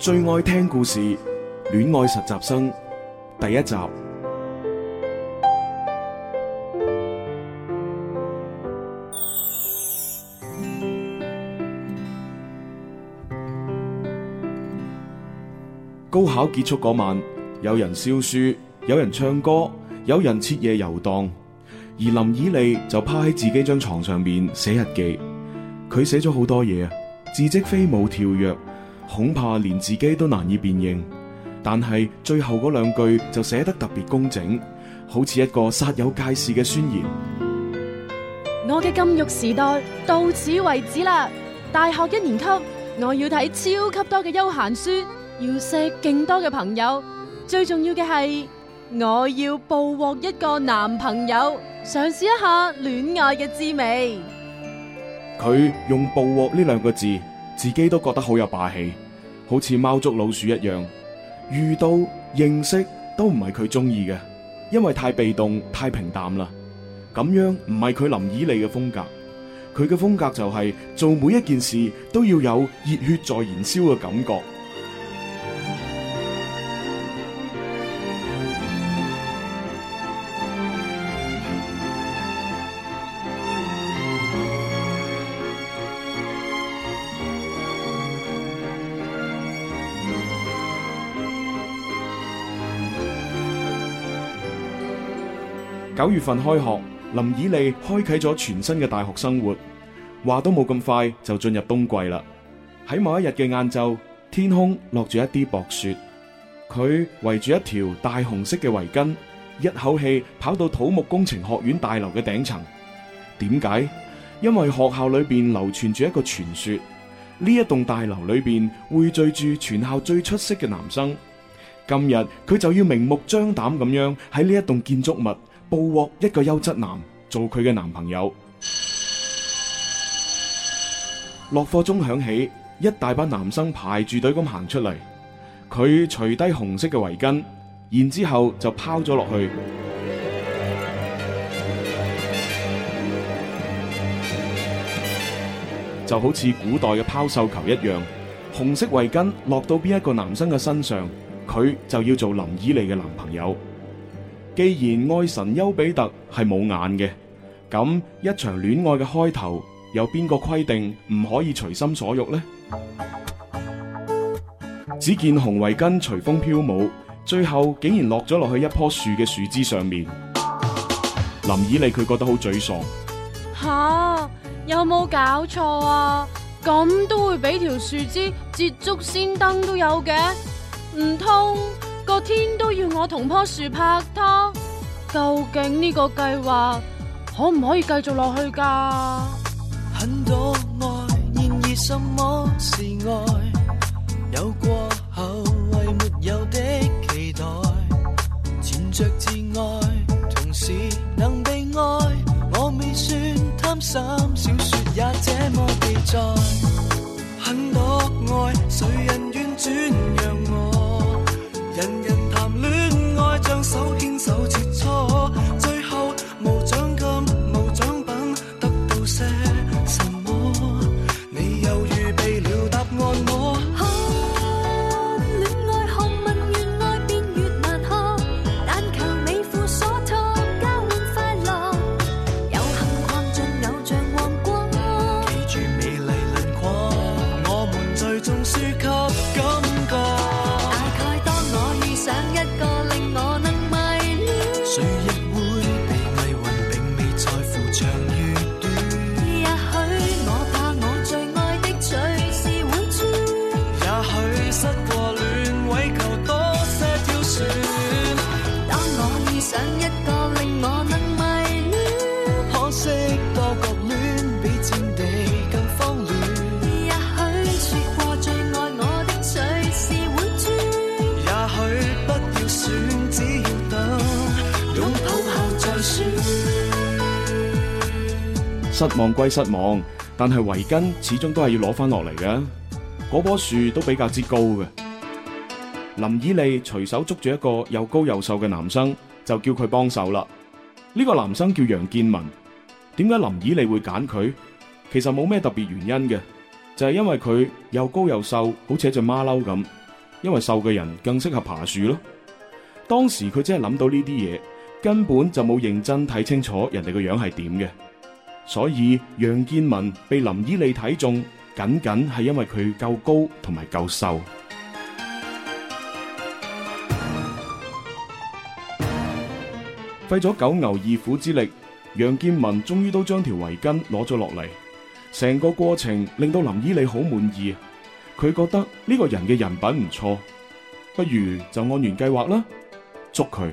最愛聽故事，戀愛實習生第一集。高考結束嗰晚，有人燒書，有人唱歌，有人徹夜遊蕩，而林以莉就趴喺自己張床上面寫日記。佢寫咗好多嘢啊，字跡飛舞跳躍。恐怕連自己都難以辨認，但係最後嗰兩句就寫得特別工整，好似一個煞有介事嘅宣言。我嘅金玉時代到此為止啦！大學一年級，我要睇超級多嘅休閒書，要識勁多嘅朋友，最重要嘅係我要捕獲一個男朋友，嘗試一下戀愛嘅滋味。佢用捕獲呢兩個字。自己都覺得好有霸氣，好似貓捉老鼠一樣。遇到認識都唔係佢中意嘅，因為太被動、太平淡啦。咁樣唔係佢林以利嘅風格。佢嘅風格就係做每一件事都要有熱血在燃燒嘅感覺。九月份開學，林以利開啟咗全新嘅大學生活，話都冇咁快就進入冬季啦。喺某一日嘅晏晝，天空落住一啲薄雪。佢圍住一條大紅色嘅圍巾，一口氣跑到土木工程學院大樓嘅頂層。點解？因為學校裏邊流傳住一個傳說，呢一棟大樓裏邊會聚住全校最出色嘅男生。今日，佢就要明目張膽咁樣喺呢一棟建築物，捕獲一個優質男做佢嘅男朋友。落課鐘響起，一大班男生排住隊咁行出嚟。佢除低紅色嘅圍巾，然之後就拋咗落去，就好似古代嘅拋繡球一樣。紅色圍巾落到邊一個男生嘅身上，佢就要做林依莉嘅男朋友。既然愛神丘比特係冇眼嘅，咁一場戀愛嘅開頭，有邊個規定唔可以隨心所欲呢？只見紅圍巾隨風飄舞，最後竟然落咗落去一棵樹嘅樹枝上面。林以麗佢覺得好沮喪。吓、啊，有冇搞錯啊？咁都會俾條樹枝捷足先登都有嘅？唔通？個天都要我同棵樹拍拖，究竟呢個計劃可唔可以繼續落去㗎？很多愛，然而什麼是愛？有過後為沒有的期待，纏着自愛，同時能被愛，我未算貪心，小說也這麼記載。很多愛，誰人願轉？失望歸失望，但係圍巾始終都係要攞翻落嚟嘅。嗰棵樹都比較之高嘅。林以利隨手捉住一個又高又瘦嘅男生，就叫佢幫手啦。呢、這個男生叫楊建文。點解林以利會揀佢？其實冇咩特別原因嘅，就係、是、因為佢又高又瘦，好似一隻馬騮咁。因為瘦嘅人更適合爬樹咯。當時佢只係諗到呢啲嘢，根本就冇認真睇清楚人哋個樣係點嘅。所以楊建文被林依莉睇中，僅僅係因為佢夠高同埋夠瘦。費咗九牛二虎之力，楊建文終於都將條圍巾攞咗落嚟。成個過程令到林依莉好滿意，佢覺得呢個人嘅人品唔錯，不如就按原計劃啦，捉佢。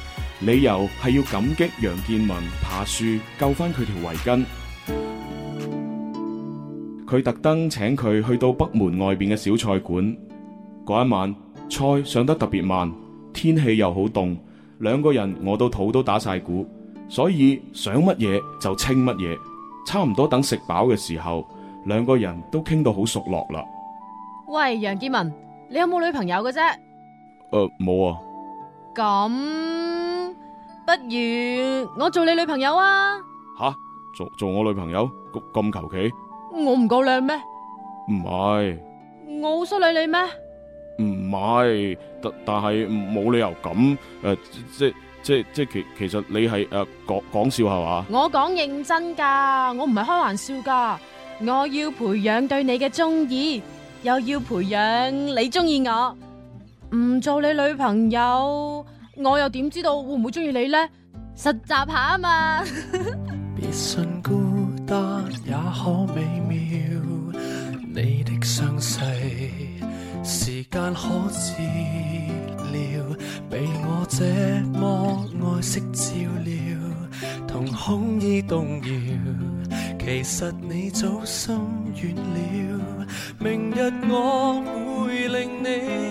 理由係要感激楊建文爬樹救翻佢條圍巾，佢特登請佢去到北門外邊嘅小菜館。嗰一晚菜上得特別慢，天氣又好凍，兩個人餓到肚都打晒鼓，所以想乜嘢就清乜嘢。差唔多等食飽嘅時候，兩個人都傾到好熟絡啦。喂，楊建文，你有冇女朋友嘅啫？誒、呃，冇啊。咁。不如我做你女朋友啊！吓，做做我女朋友咁求其？我唔夠靚咩？唔係。我好失禮你咩？唔係，但但係冇理由咁。誒，即即即即其其實你係誒講講笑係嘛？我講認真㗎，我唔係開玩笑㗎，我要培養對你嘅中意，又要培養你中意我，唔做你女朋友。我又點知道會唔會中意你咧？實習下啊嘛。別信孤單也可美妙，你的傷逝時間可治療，被我這麼愛惜照料，同空依動搖。其實你早心軟了，明日我會令你。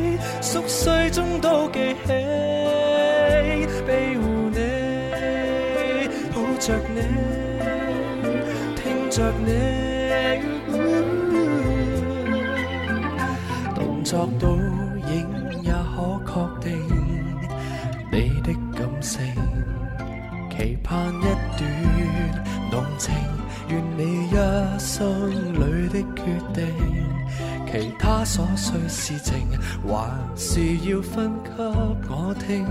熟睡中都記起，庇護你，抱着你，聽着你，動作倒影也可確定你的感性，期盼一段動情，願你一生裏的決定。其他瑣碎事情，還是要分給我聽。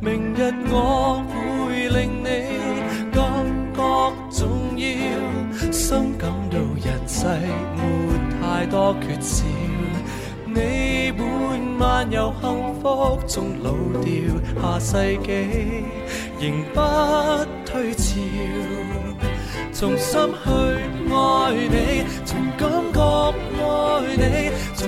明日我會令你感覺重要，心深感到人世沒太多缺少。你半漫遊幸福中老掉，下世紀仍不退潮，重新去愛。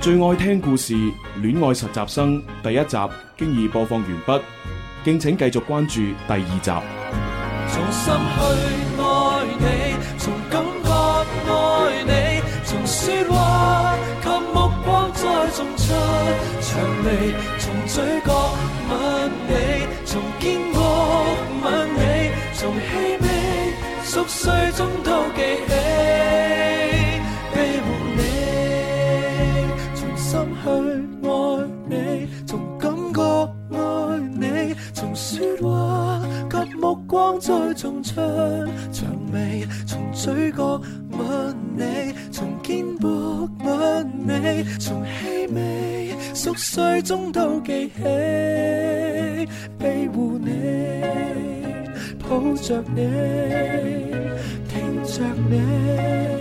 最愛聽故事，戀愛實習生第一集，經已播放完畢，敬請繼續關注第二集。去愛你，從感覺愛你，從說話及目光再種出薔薇，從嘴角吻你，從肩膊吻你，從氣味熟睡中都記起，庇護你，抱着你，聽着你。